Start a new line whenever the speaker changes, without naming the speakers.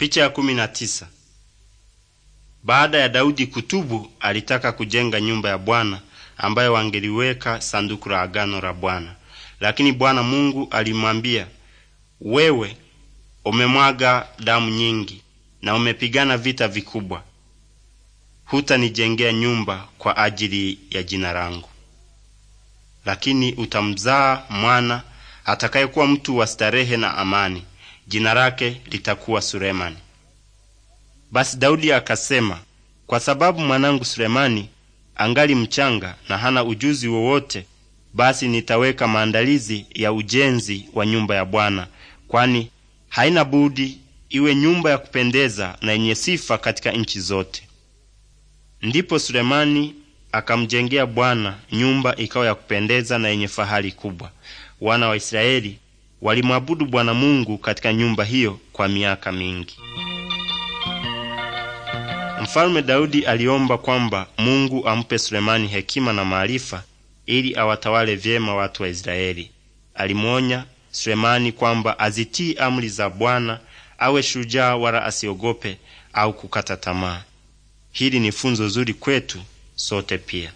Picha ya kumi na tisa. Baada ya Daudi kutubu, alitaka kujenga nyumba ya Bwana ambayo wangeliweka sanduku la agano la Bwana, lakini Bwana Mungu alimwambia, wewe umemwaga damu nyingi na umepigana vita vikubwa, hutanijengea nyumba kwa ajili ya jina langu, lakini utamzaa mwana atakayekuwa mtu wa starehe na amani jina lake litakuwa Sulemani. Basi Daudi akasema, kwa sababu mwanangu Sulemani angali mchanga na hana ujuzi wowote, basi nitaweka maandalizi ya ujenzi wa nyumba ya Bwana, kwani haina budi iwe nyumba ya kupendeza na yenye sifa katika nchi zote. Ndipo Sulemani akamjengea Bwana nyumba ikawa ya kupendeza na yenye fahari kubwa. Wana wa Israeli walimwabudu Bwana Mungu katika nyumba hiyo kwa miaka mingi. Mfalme Daudi aliomba kwamba Mungu ampe Sulemani hekima na maarifa ili awatawale vyema watu wa Israeli. Alimwonya Sulemani kwamba azitii amri za Bwana, awe shujaa, wala asiogope au kukata tamaa. Hili ni funzo zuri kwetu sote pia.